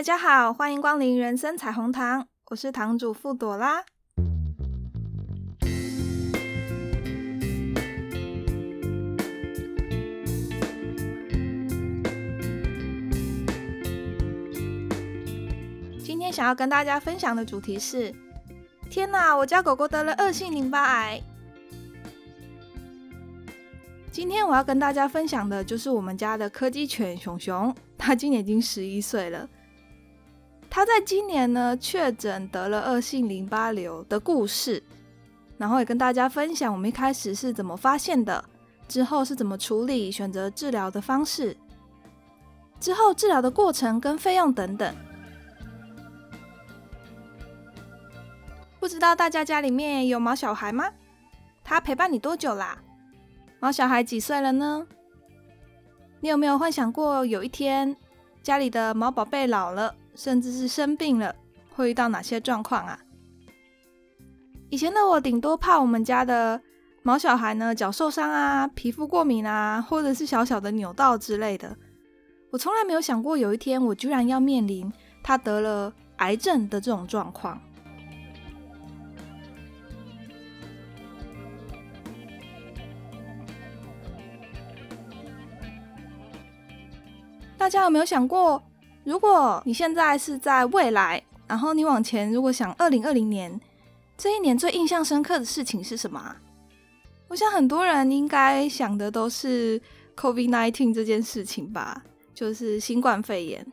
大家好，歡迎光臨人生彩虹糖，我是堂主傅朵拉。今天想要跟大家分享的主題是：天哪，我家狗狗得了惡性淋巴癌。今天我要跟大家分享的就是我們家的柯基犬熊熊，它今年已經十一歲了。他在今年呢確診得了惡性淋巴瘤的故事，然後也跟大家分享我們一開始是怎麼發現的，之後是怎麼處理、選擇治療的方式，之後治療的過程跟費用等等。不知道大家家裡面有毛小孩嗎？他陪伴你多久啦？毛小孩幾歲了呢？你有沒有幻想過有一天家裡的毛寶貝老了？甚至是生病了，會遇到哪些狀況啊？以前的我頂多怕我們家的毛小孩呢，腳受傷啊，皮膚過敏啊，或者是小小的扭到之類的。我從來沒有想過，有一天我居然要面臨他得了癌症的這種狀況。大家有沒有想過？如果你現在是在未來，然後你往前，如果想二零二零年這一年最印象深刻的事情是什麼啊？我想很多人應該想的都是 COVID-19 這件事情吧，就是新冠肺炎。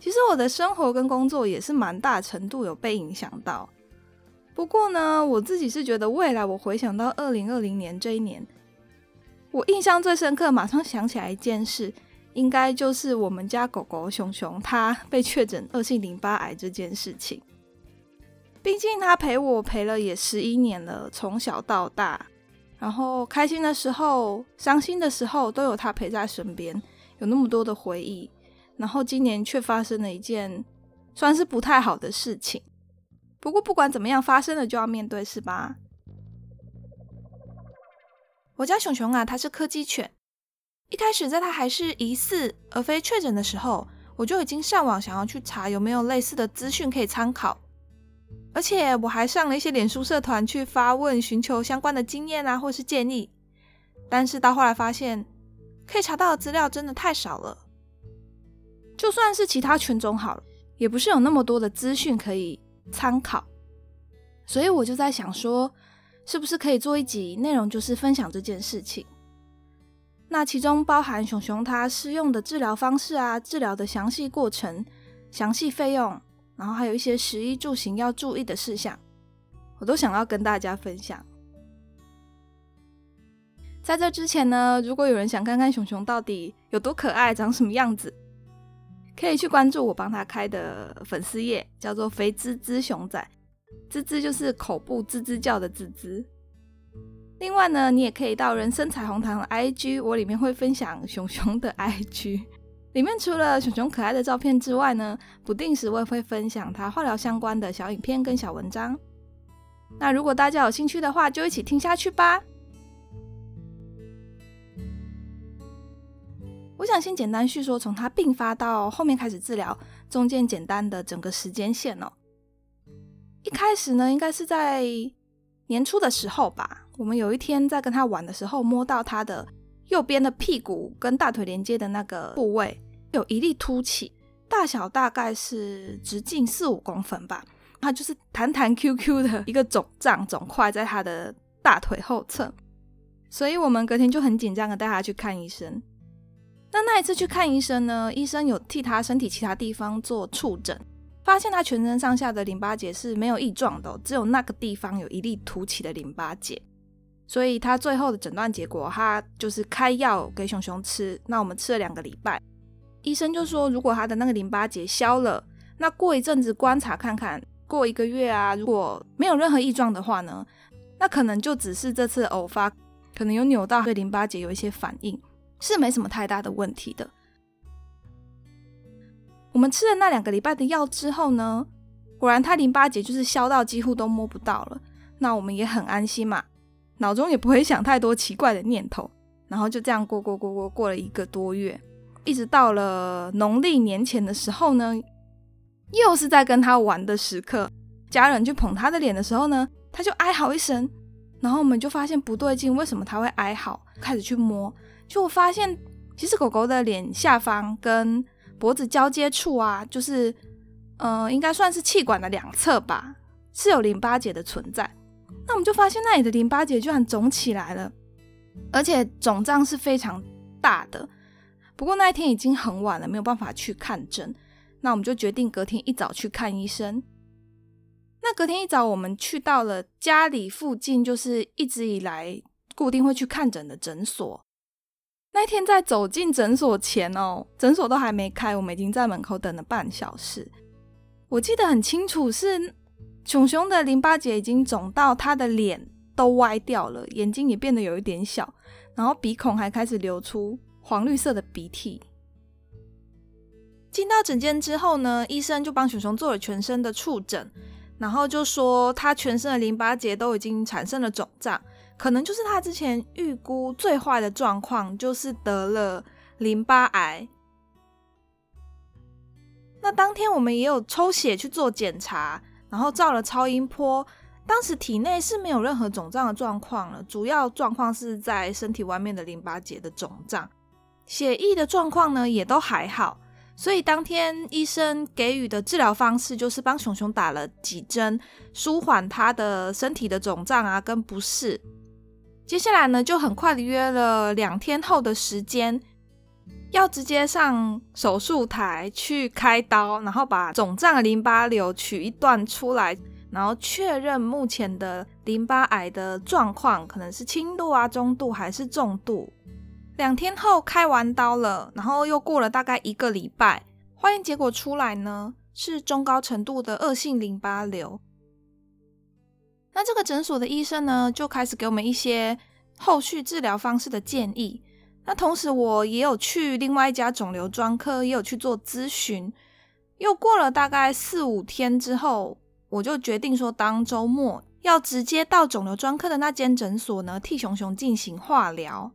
其實我的生活跟工作也是蠻大程度有被影響到。不過呢，我自己是覺得未來我回想到二零二零年這一年，我印象最深刻，馬上想起來一件事。應該就是我們家狗狗熊熊，它被確診惡性淋巴癌這件事情。畢竟它陪我陪了也十一年了，從小到大，然後開心的時候、傷心的時候都有它陪在身邊，有那麼多的回憶。然後今年卻發生了一件算是不太好的事情。不過不管怎麼樣，發生了就要面對，是吧？我家熊熊啊，它是柯基犬。一開始在他還是疑似而非確診的時候，我就已經上網想要去查有沒有類似的資訊可以參考，而且我還上了一些臉書社團去發問，尋求相關的經驗啊或是建議。但是到後來發現，可以查到的資料真的太少了，就算是其他犬種好了，也不是有那麼多的資訊可以參考。所以我就在想說，是不是可以做一集內容，就是分享這件事情。那其中包含熊熊它適用的治療方式啊，治療的詳細過程、詳細費用，然後還有一些食衣住行要注意的事項，我都想要跟大家分享。在這之前呢，如果有人想看看熊熊到底有多可愛、長什麼樣子，可以去關注我幫他開的粉絲頁，叫做“肥吱吱熊仔”，吱吱就是口部吱吱叫的吱吱。另外呢，你也可以到人生彩虹糖的 IG，我裡面會分享熊熊的 IG。裡面除了熊熊可愛的照片之外呢，不定時我也會分享它化療相關的小影片跟小文章。那如果大家有興趣的話，就一起聽下去吧。我想先簡單敘說從它病發到後面開始治療，中間簡單的整個時間線哦、喔。一開始呢，應該是在年初的時候吧。我們有一天在跟他玩的時候，摸到他的右邊的屁股跟大腿連接的那個部位有一粒凸起，大小大概是直徑四五公分吧，它就是彈彈 QQ 的一個腫脹腫塊在他的大腿後側，所以我們隔天就很緊張的帶他去看醫生。那那一次去看醫生呢，醫生有替他身體其他地方做觸診，發現他全身上下的淋巴結是沒有異狀的哦，只有那個地方有一粒凸起的淋巴結。所以他最後的診斷結果，他就是開藥給熊熊吃。那我們吃了兩個禮拜，醫生就說，如果他的那個淋巴結消了，那過一陣子觀察看看，過一個月啊，如果沒有任何異狀的話呢，那可能就只是這次偶發，可能有扭到，對淋巴結有一些反應，是沒什麼太大的問題的。我們吃了那兩個禮拜的藥之後呢，果然他淋巴結就是消到幾乎都摸不到了，那我們也很安心嘛。腦中也不會想太多奇怪的念頭，然後就這樣過過過過過了一個多月，一直到了農曆年前的時候呢，又是在跟他玩的時刻，家人去捧他的臉的時候呢，他就哀嚎一聲，然後我們就發現不對勁，為什麼他會哀嚎？開始去摸，就我發現其實狗狗的臉下方跟脖子交接處啊，就是呃，應該算是氣管的兩側吧，是有淋巴結的存在。那我們就發現那裡的淋巴結居然腫起來了，而且腫脹是非常大的。不過那一天已經很晚了，沒有辦法去看診。那我們就決定隔天一早去看醫生。那隔天一早，我們去到了家裡附近，就是一直以來固定會去看診的診所。那一天在走進診所前哦，診所都還沒開，我們已經在門口等了半小時。我記得很清楚是。熊熊的淋巴結已經腫到他的臉都歪掉了，眼睛也變得有一點小，然後鼻孔還開始流出黃綠色的鼻涕。進到診間之後呢，醫生就幫熊熊做了全身的觸診，然後就說他全身的淋巴結都已經產生了腫脹，可能就是他之前預估最壞的狀況，就是得了淋巴癌。那當天我們也有抽血去做檢查。然後照了超音波，當時體內是沒有任何腫脹的狀況了，主要狀況是在身體外面的淋巴結的腫脹，血液的狀況呢也都還好，所以當天醫生給予的治療方式就是幫熊熊打了幾針，舒緩他的身體的腫脹啊跟不適，接下來呢就很快的約了兩天後的時間。要直接上手術台去開刀，然後把腫脹淋巴瘤取一段出來，然後確認目前的淋巴癌的狀況，可能是輕度啊、中度還是重度。兩天後開完刀了，然後又過了大概一個禮拜，化驗結果出來呢，是中高程度的惡性淋巴瘤。那這個診所的醫生呢，就開始給我們一些後續治療方式的建議。那同時，我也有去另外一家腫瘤專科，也有去做諮詢。又過了大概四五天之後，我就決定說，當週末要直接到腫瘤專科的那間診所呢，替熊熊進行化療。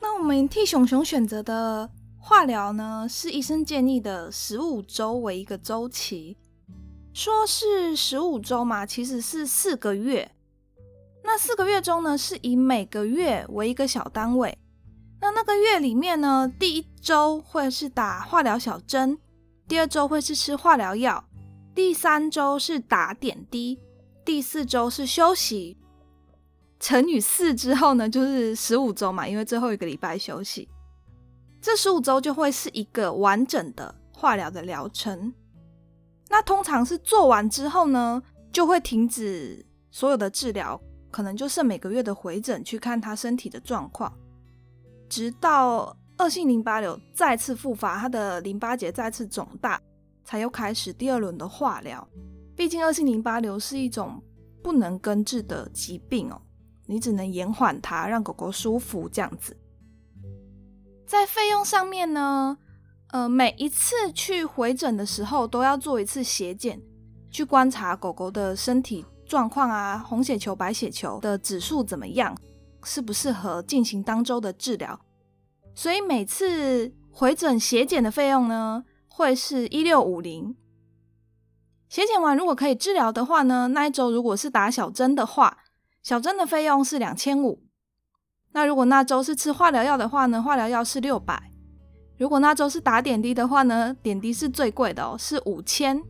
那我們替熊熊選擇的化療呢，是醫生建議的十五週為一個週期，說是十五週嘛，其實是四個月。那四個月中呢，是以每個月為一個小單位。那那個月裡面呢，第一周會是打化療小針，第二周會是吃化療藥，第三周是打點滴，第四周是休息。乘以四之後呢，就是十五周嘛，因為最後一個禮拜休息。這十五周就會是一個完整的化療的療程。那通常是做完之後呢，就會停止所有的治療。可能就是每個月的回診去看他身體的狀況，直到惡性淋巴瘤再次復發，他的淋巴結再次腫大，才又開始第二輪的化療。畢竟惡性淋巴瘤是一種不能根治的疾病哦，你只能延緩它，讓狗狗舒服這樣子。在費用上面呢，呃，每一次去回診的時候都要做一次血檢，去觀察狗狗的身體。狀況啊，紅血球、白血球的指數怎麼樣？適不適合進行當周的治療？所以每次回診血檢的費用呢，會是一六五零。血檢完如果可以治療的話呢，那一周如果是打小針的話，小針的費用是兩千五。那如果那周是吃化療藥的話呢，化療藥是六百。如果那周是打點滴的話呢，點滴是最貴的哦，是五千。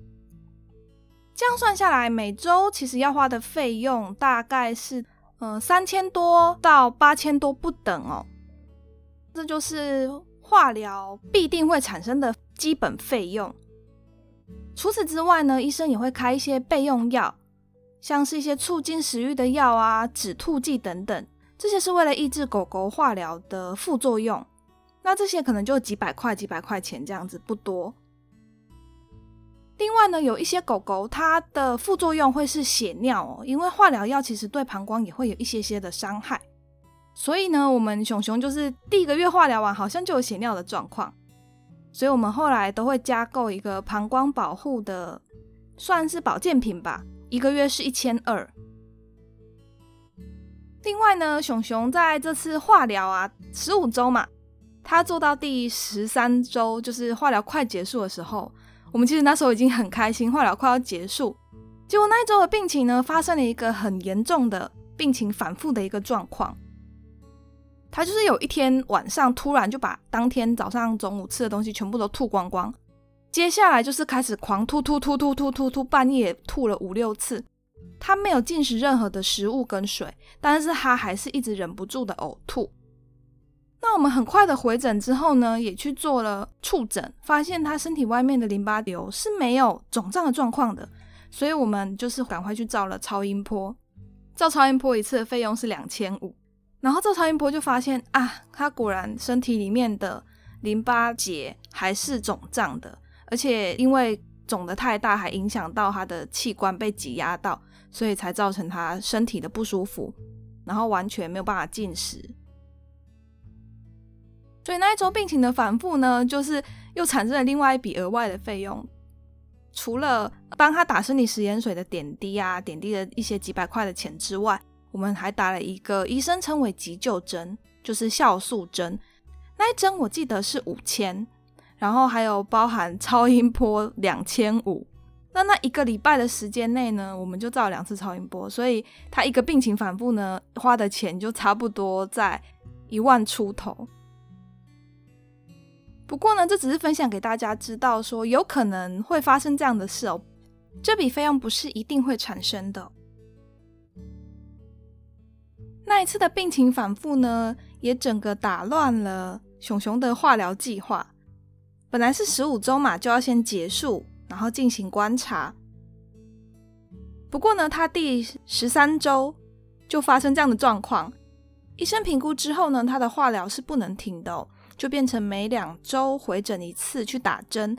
這樣算下來，每周其實要花的費用大概是，呃，三千多到八千多不等哦。這就是化療必定會產生的基本費用。除此之外呢，醫生也會開一些備用藥，像是一些促進食慾的藥啊、止吐劑等等，這些是為了抑制狗狗化療的副作用。那這些可能就幾百塊、幾百塊錢這樣子，不多。另外呢，有一些狗狗它的副作用會是血尿哦，因為化療藥其實對膀胱也會有一些些的傷害，所以呢，我們熊熊就是第一個月化療完，好像就有血尿的狀況，所以我們後來都會加購一個膀胱保護的，算是保健品吧，一個月是一千二。另外呢，熊熊在這次化療啊，十五周嘛，他做到第十三周，就是化療快結束的時候。我們其實那時候已經很開心，化療快要結束，結果那一周的病情呢，發生了一個很嚴重的病情反覆的一個狀況。他就是有一天晚上突然就把當天早上、中午吃的東西全部都吐光光，接下來就是開始狂吐吐吐吐吐吐吐，半夜吐了五六次。他沒有進食任何的食物跟水，但是他還是一直忍不住的嘔吐。那我們很快的回診之後呢，也去做了觸診，發現他身體外面的淋巴瘤是沒有腫脹的狀況的，所以我們就是趕快去照了超音波，照超音波一次的費用是兩千五，然後照超音波就發現啊，他果然身體裡面的淋巴結還是腫脹的，而且因為腫得太大，還影響到他的器官被擠壓到，所以才造成他身體的不舒服，然後完全沒有辦法進食。所以那一週病情的反覆呢，就是又產生了另外一筆額外的費用。除了幫他打生理食鹽水的點滴啊，點滴的一些幾百塊的錢之外，我們還打了一個醫生稱為急救針，就是酵素針。那一針我記得是五千，然後還有包含超音波兩千五。那那一個禮拜的時間內呢，我們就照兩次超音波，所以他一個病情反覆呢，花的錢就差不多在一萬出頭。不過呢，這只是分享給大家知道說，說有可能會發生這樣的事哦。這筆費用不是一定會產生的哦。那一次的病情反覆呢，也整個打亂了熊熊的化療計劃。本來是十五周嘛，就要先結束，然後進行觀察。不過呢，他第十三周就發生這樣的狀況，醫生評估之後呢，他的化療是不能停的哦。就變成每兩周回診一次去打針，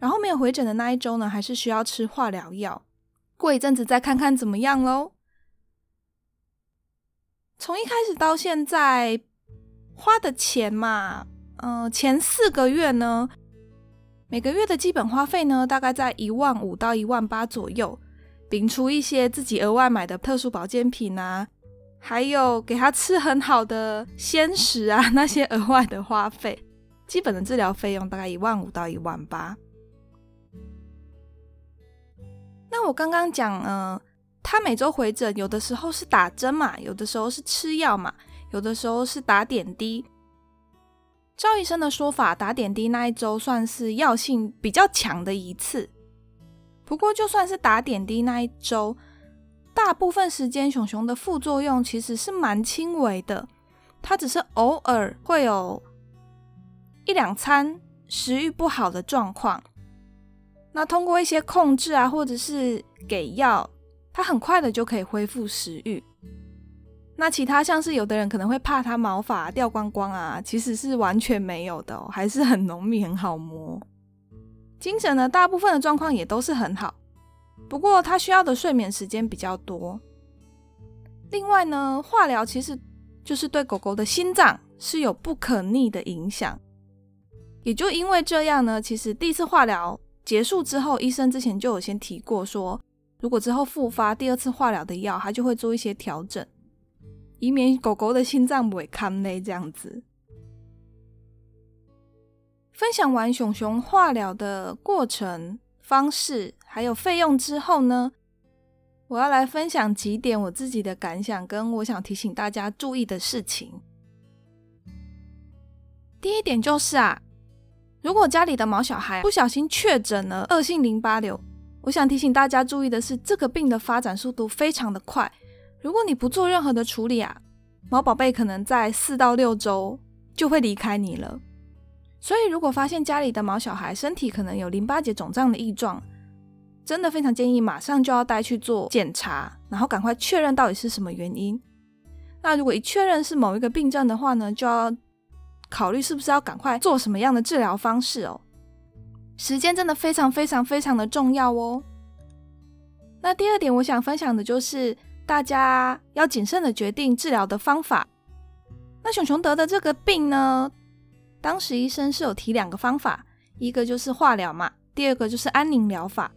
然後沒有回診的那一周呢，還是需要吃化療藥。過一陣子再看看怎麼樣咯。從一開始到現在，花的錢嘛，嗯、呃，前四個月呢，每個月的基本花費呢，大概在一萬五到一萬八左右，摒除一些自己額外買的特殊保健品啊還有給他吃很好的鮮食啊，那些額外的花費，基本的治療費用大概一萬五到一萬八。那我剛剛講，呃，他每周回診，有的時候是打針嘛，有的時候是吃藥嘛，有的時候是打點滴。趙醫生的說法，打點滴那一周算是藥性比較強的一次。不過就算是打點滴那一周。大部分時間，熊熊的副作用其實是蠻輕微的，它只是偶爾會有一兩餐食慾不好的狀況。那通過一些控制啊，或者是給藥，它很快的就可以恢復食慾。那其他像是有的人可能會怕它毛髮啊、掉光光啊，其實是完全沒有的哦，還是很濃密、很好摸。精神呢，大部分的狀況也都是很好。不過，它需要的睡眠時間比較多。另外呢，化療其實就是對狗狗的心臟是有不可逆的影響。也就因為這樣呢，其實第一次化療結束之後，醫生之前就有先提過說，如果之後復發，第二次化療的藥，它就會做一些調整，以免狗狗的心臟不給扛這樣子。分享完熊熊化療的過程。方式還有費用之後呢，我要來分享幾點我自己的感想跟我想提醒大家注意的事情。第一點就是啊，如果家裡的毛小孩不小心確診了惡性淋巴瘤，我想提醒大家注意的是，這個病的發展速度非常的快。如果你不做任何的處理啊，毛寶貝可能在四到六周就會離開你了。所以，如果發現家裡的毛小孩身體可能有淋巴結腫脹的異狀，真的非常建議馬上就要帶去做檢查，然後趕快確認到底是什麼原因。那如果一確認是某一個病症的話呢，就要考慮是不是要趕快做什麼樣的治療方式哦。時間真的非常非常非常的重要哦。那第二點，我想分享的就是大家要謹慎的決定治療的方法。那熊熊得的這個病呢，當時醫生是有提兩個方法，一個就是化療嘛，第二個就是安寧療法。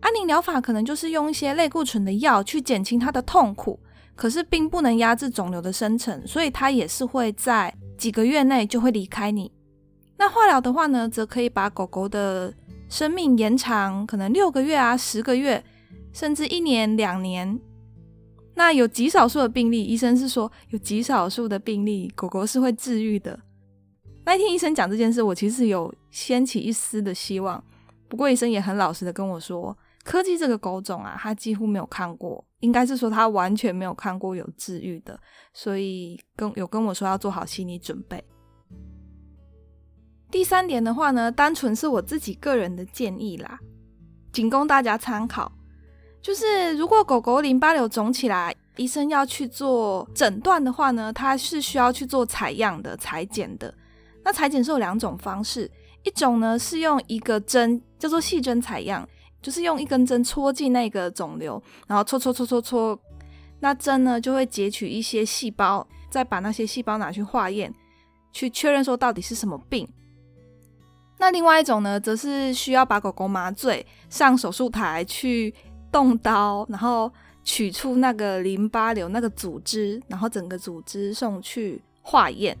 安寧療法可能就是用一些類固醇的藥去減輕它的痛苦，可是並不能壓制腫瘤的生成，所以它也是會在幾個月內就會離開你。那化療的話呢，則可以把狗狗的生命延長，可能六個月啊、十個月，甚至一年、兩年。那有極少數的病例，醫生是說有極少數的病例，狗狗是會治癒的。那天醫生講這件事，我其實有掀起一絲的希望。不過醫生也很老實的跟我說，柯基這個狗種啊，他幾乎沒有看過，應該是說他完全沒有看過有治癒的，所以跟有跟我說要做好心理準備。第三點的話呢，單純是我自己個人的建議啦，僅供大家參考。就是如果狗狗淋巴瘤腫起來，醫生要去做診斷的話呢，他是需要去做採樣的、採檢的。那採檢是有兩種方式，一種呢是用一個針叫做細針採樣，就是用一根針戳進那個腫瘤，然後戳戳戳戳戳,戳，那針呢就會截取一些細胞，再把那些細胞拿去化驗，去確認說到底是什麼病。那另外一種呢，則是需要把狗狗麻醉，上手術台去動刀，然後取出那個淋巴瘤那個組織，然後整個組織送去化驗。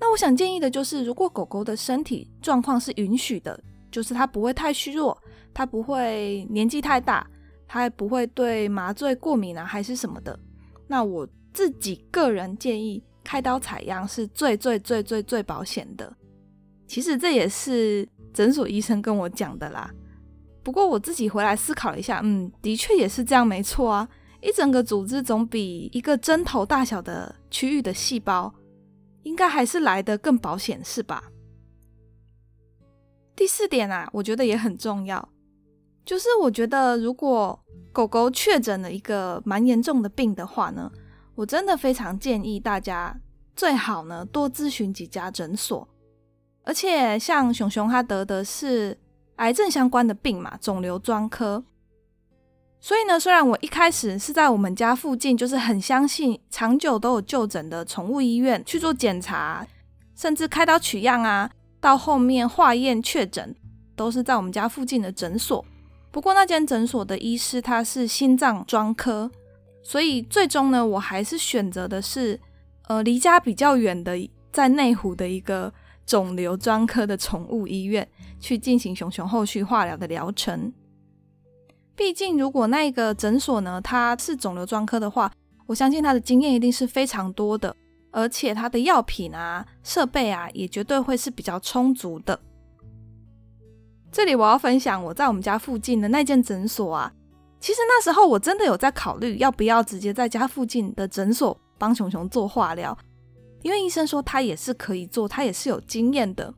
那我想建議的就是，如果狗狗的身體狀況是允許的，就是它不會太虛弱，它不會年紀太大，它也不會對麻醉過敏啊，還是什麼的。那我自己個人建議，開刀採樣是最最最最最保險的。其實這也是診所醫生跟我講的啦。不過我自己回來思考了一下，嗯，的確也是這樣，沒錯啊。一整個組織總比一個針頭大小的區域的細胞。應該還是來得更保險，是吧？第四點啊，我覺得也很重要，就是我覺得如果狗狗確診了一個蠻嚴重的病的話呢，我真的非常建議大家最好呢，多諮詢幾家診所，而且像熊熊它得的是癌症相關的病嘛，腫瘤專科。所以呢，雖然我一開始是在我們家附近，就是很相信長久都有就診的寵物醫院去做檢查，甚至開刀取樣啊，到後面化驗確診都是在我們家附近的診所。不過那間診所的醫師他是心臟專科，所以最終呢，我還是選擇的是呃離家比較遠的，在內湖的一個腫瘤專科的寵物醫院去進行熊熊後續化療的療程。畢竟，如果那個診所呢，它是腫瘤專科的話，我相信他的經驗一定是非常多的，而且他的藥品啊、設備啊，也絕對會是比較充足的。這裡我要分享我在我們家附近的那間診所啊，其實那時候我真的有在考慮要不要直接在家附近的診所幫熊熊做化療，因為醫生說他也是可以做，他也是有經驗的。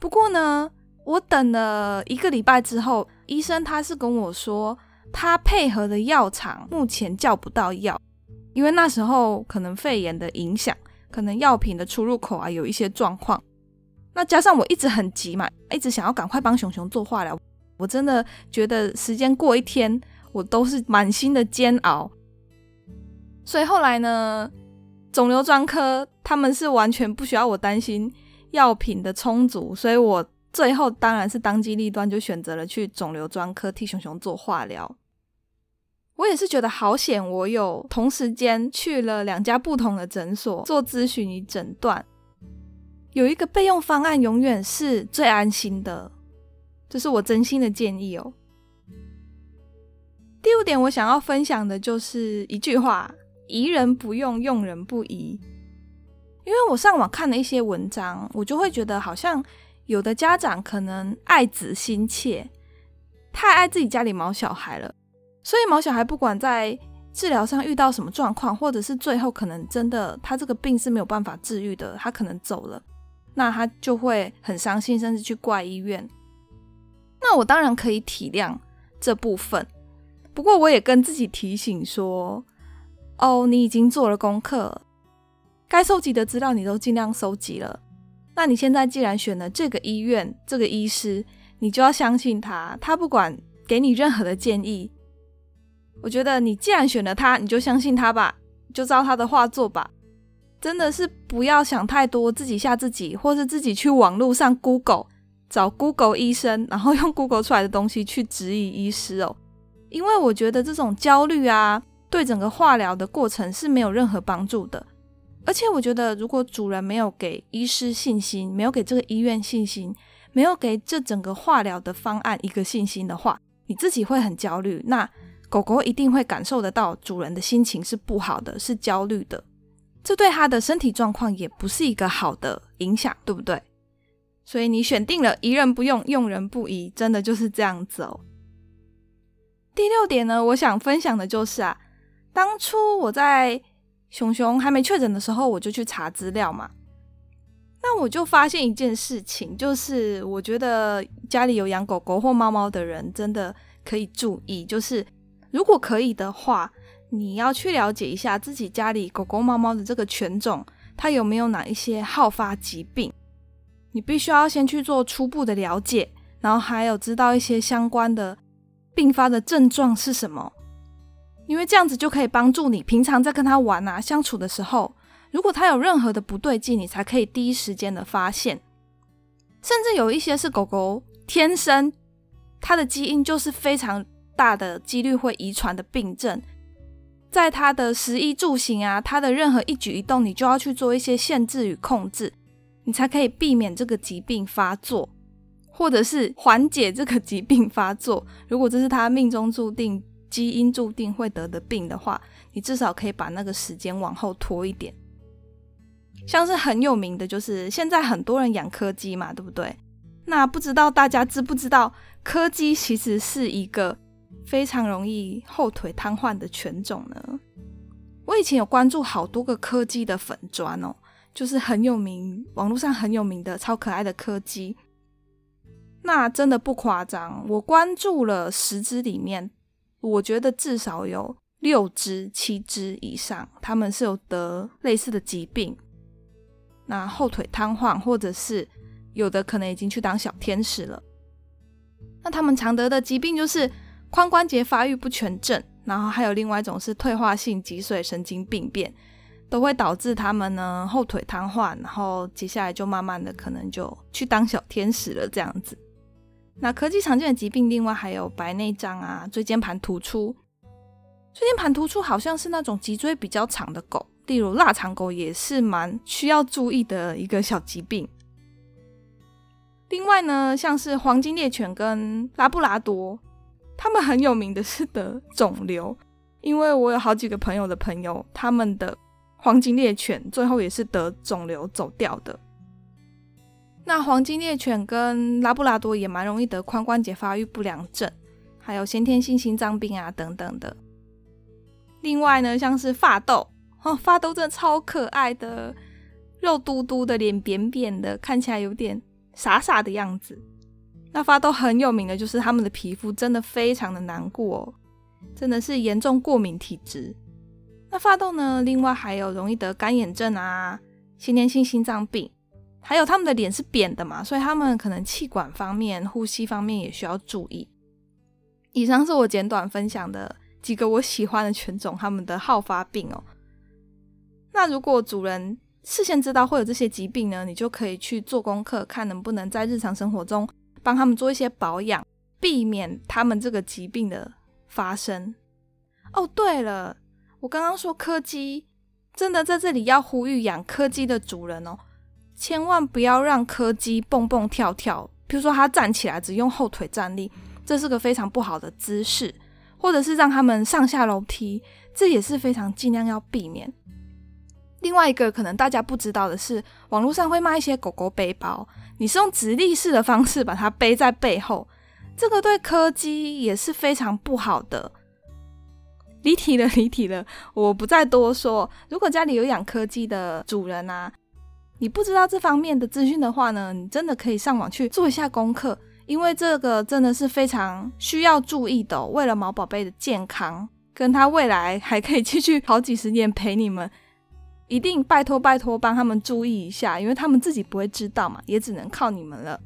不過呢。我等了一個禮拜之後，醫生他是跟我說，他配合的藥廠目前叫不到藥，因為那時候可能肺炎的影響，可能藥品的出入口啊有一些狀況。那加上我一直很急嘛，一直想要趕快幫熊熊做化療，我真的覺得時間過一天，我都是滿心的煎熬。所以後來呢，腫瘤專科他們是完全不需要我擔心藥品的充足，所以我。最後當然是當機立斷，就選擇了去腫瘤專科替熊熊做化療。我也是覺得好險，我有同時間去了兩家不同的診所做諮詢與診斷，有一個備用方案永遠是最安心的，這是我真心的建議哦。第五點，我想要分享的就是一句話：疑人不用，用人不疑。因為我上網看了一些文章，我就會覺得好像。有的家長可能愛子心切，太愛自己家裡毛小孩了，所以毛小孩不管在治療上遇到什麼狀況，或者是最後可能真的他這個病是沒有辦法治癒的，他可能走了，那他就會很傷心，甚至去怪醫院。那我當然可以體諒這部分，不過我也跟自己提醒說，哦，你已經做了功課，該收集的資料你都盡量收集了。那你現在既然選了這個醫院、這個醫師，你就要相信他。他不管給你任何的建議，我覺得你既然選了他，你就相信他吧，就照他的話做吧。真的是不要想太多，自己嚇自己，或是自己去網絡上 Google 找 Google 醫生，然後用 Google 出來的東西去指引醫師哦。因為我覺得這種焦慮啊，對整個化療的過程是沒有任何幫助的。而且我覺得，如果主人沒有給醫師信心，沒有給這個醫院信心，沒有給這整個化療的方案一個信心的話，你自己會很焦慮。那狗狗一定會感受得到主人的心情是不好的，是焦慮的，這對它的身體狀況也不是一個好的影響，對不對？所以你選定了，疑人不用，用人不疑，真的就是這樣子哦。第六點呢，我想分享的就是啊，當初我在。熊熊還沒確診的時候，我就去查資料嘛。那我就發現一件事情，就是我覺得家裡有養狗狗或貓貓的人，真的可以注意，就是如果可以的話，你要去了解一下自己家裡狗狗、貓貓的這個犬種，它有沒有哪一些好發疾病。你必須要先去做初步的了解，然後還有知道一些相關的併發的症狀是什麼。因為這樣子就可以幫助你，平常在跟他玩啊、相處的時候，如果他有任何的不對勁，你才可以第一時間的發現。甚至有一些是狗狗天生，它的基因就是非常大的幾率會遺傳的病症，在它的食衣住行啊，它的任何一舉一動，你就要去做一些限制與控制，你才可以避免這個疾病發作，或者是緩解這個疾病發作。如果這是它命中注定，基因注定會得的病的話，你至少可以把那個時間往後拖一點。像是很有名的，就是現在很多人養柯基嘛，對不對？那不知道大家知不知道，柯基其實是一個非常容易後腿癱瘓的犬種呢。我以前有關注好多個柯基的粉專哦，就是很有名，網絡上很有名的超可愛的柯基。那真的不誇張，我關注了十隻裡面。我覺得至少有六隻、七隻以上，他們是有得類似的疾病，那後腿癱瘓，或者是有的可能已經去當小天使了。那他們常得的疾病就是髖關節發育不全症，然後還有另外一種是退化性脊髓神經病變，都會導致他們呢後腿癱瘓，然後接下來就慢慢的可能就去當小天使了，這樣子。那柯基常見的疾病，另外還有白內障啊、椎間盤突出。椎間盤突出好像是那種脊椎比較長的狗，例如臘腸狗也是蠻需要注意的一個小疾病。另外呢，像是黃金獵犬跟拉布拉多，他們很有名的是得腫瘤，因為我有好幾個朋友的朋友，他們的黃金獵犬最後也是得腫瘤走掉的。那黃金獵犬跟拉布拉多也蠻容易得髖關節發育不良症，還有先天性心臟病啊等等的。另外呢，像是法鬥哦，法鬥真的超可愛的，肉嘟嘟的，臉扁扁的，看起來有點傻傻的樣子。那法鬥很有名的就是他們的皮膚真的非常的難過哦，真的是嚴重過敏體質。那法鬥呢，另外還有容易得乾眼症啊，先天性心臟病。還有他們的臉是扁的嘛，所以他們可能氣管方面、呼吸方面也需要注意。以上是我簡短分享的幾個我喜歡的犬種，他們的好發病哦。那如果主人事先知道會有這些疾病呢，你就可以去做功課，看能不能在日常生活中幫他們做一些保養，避免他們這個疾病的發生。哦，對了，我剛剛說柯基，真的在這裡要呼籲養柯基的主人哦。千萬不要讓柯基蹦蹦跳跳，譬如說它站起來只用後腿站立，這是個非常不好的姿勢；或者是讓他們上下樓梯，這也是非常儘量要避免。另外一個可能大家不知道的是，網絡上會賣一些狗狗背包，你是用直立式的方式把它背在背後，這個對柯基也是非常不好的。離題了，離題了，我不再多說。如果家裡有養柯基的主人啊。你不知道這方面的資訊的話呢，你真的可以上網去做一下功課，因為這個真的是非常需要注意的哦。為了毛寶貝的健康，跟他未來還可以繼續好幾十年陪你們，一定拜託拜託幫他們注意一下，因為他們自己不會知道嘛，也只能靠你們了。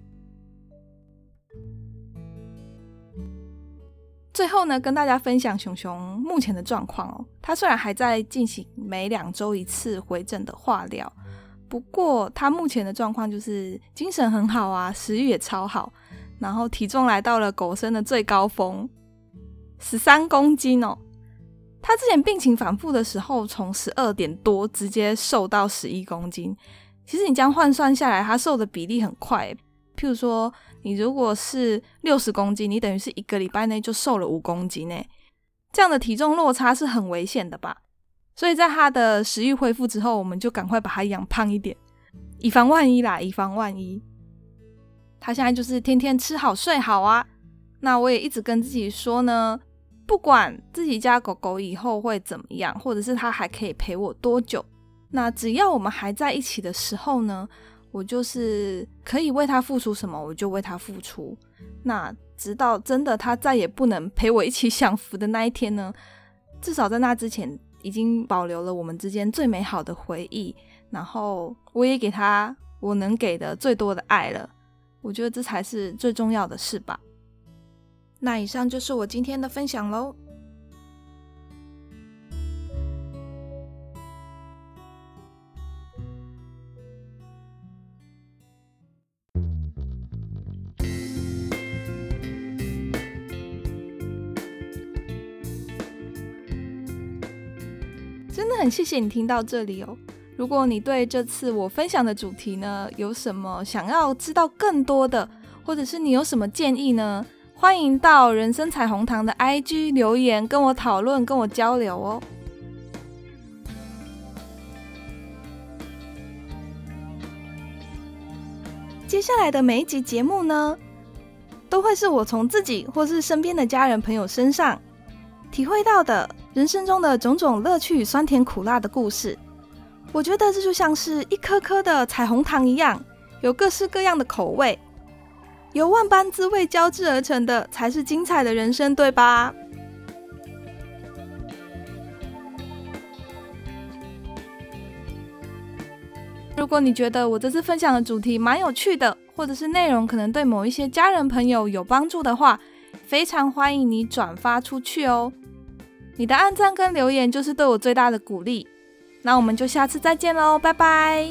最後呢，跟大家分享熊熊目前的狀況哦，他雖然還在進行每兩週一次回診的化療。不過，他目前的狀況就是精神很好啊，食欲也超好，然後體重來到了狗生的最高峰，十三公斤哦。他之前病情反復的時候，從十二點多直接瘦到十一公斤。其實你這樣換算下來，他瘦的比例很快。譬如說，你如果是六十公斤，你等於是一個禮拜內就瘦了五公斤呢，這樣的體重落差是很危險的吧？所以在他的食慾恢復之後，我們就趕快把他養胖一點，以防萬一啦，以防萬一。他現在就是天天吃好睡好啊。那我也一直跟自己說呢，不管自己家狗狗以後會怎麼樣，或者是它還可以陪我多久，那只要我們還在一起的時候呢，我就是可以為他付出什麼，我就為他付出。那直到真的他再也不能陪我一起享福的那一天呢，至少在那之前。已經保留了我們之間最美好的回憶，然後我也給他我能給的最多的愛了。我覺得這才是最重要的事吧。那以上就是我今天的分享嘍。謝謝你聽到這裡哦！如果你對這次我分享的主題呢，有什麼想要知道更多的，或者是你有什麼建議呢？歡迎到人生彩虹糖的 IG 留言跟我討論，跟我交流哦。接下來的每一集節目呢，都會是我從自己或是身邊的家人朋友身上。體會到的人生中的種種樂趣與酸甜苦辣的故事，我覺得這就像是一顆顆的彩虹糖一樣，有各式各樣的口味，由萬般滋味交織而成的才是精彩的人生，對吧？如果你覺得我這次分享的主題蠻有趣的，或者是內容可能對某一些家人朋友有幫助的話，非常歡迎你轉發出去哦！你的按讚跟留言就是對我最大的鼓勵。那我們就下次再見嘍，拜拜。